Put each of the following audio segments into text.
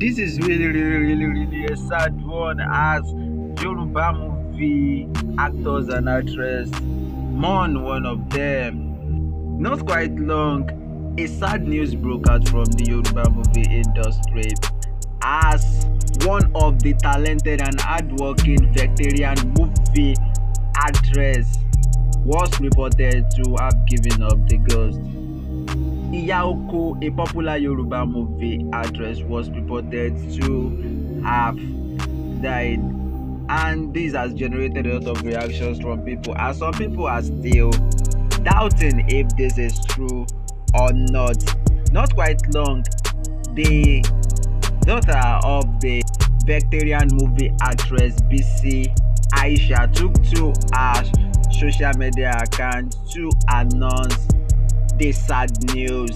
this is really really really really a sad one as Yoruba movie actors and actress, mourn one of them. Not quite long, a sad news broke out from the Yoruba movie industry as one of the talented and hardworking veteran movie actress was reported to have given up the ghost. Iyao a popular Yoruba movie actress, was reported to have died, and this has generated a lot of reactions from people. And some people are still doubting if this is true or not. Not quite long, the daughter of the veteran movie actress BC Aisha took to her social media account to announce This sad news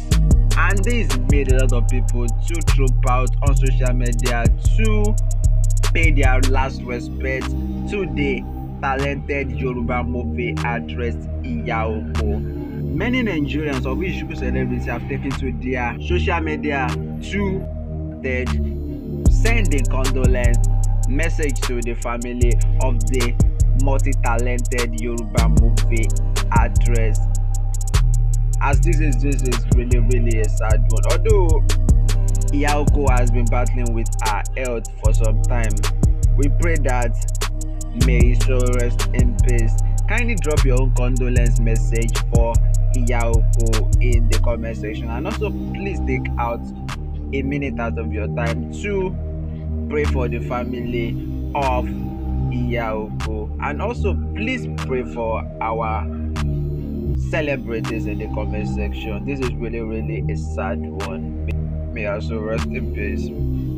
and this made a lot of people to troop out on social media to pay their last respect to the talented Yoruba movie actress Iya Oko. Many Nigerians of which Igbo celebrities have taken to their social media to dead, sending condolence message to the family of the multi-talented Yoruba movie actress as this is this is really really a sad one although Iyako has been battling with her health for some time we pray that may he so rest in peace kindly drop your own condolence message for Iyako in the comment section and also please take out a minute out of your time to pray for the family of Iyako and also please pray for our celebrities in the comment section. This is really, really a sad one. May also rest in peace.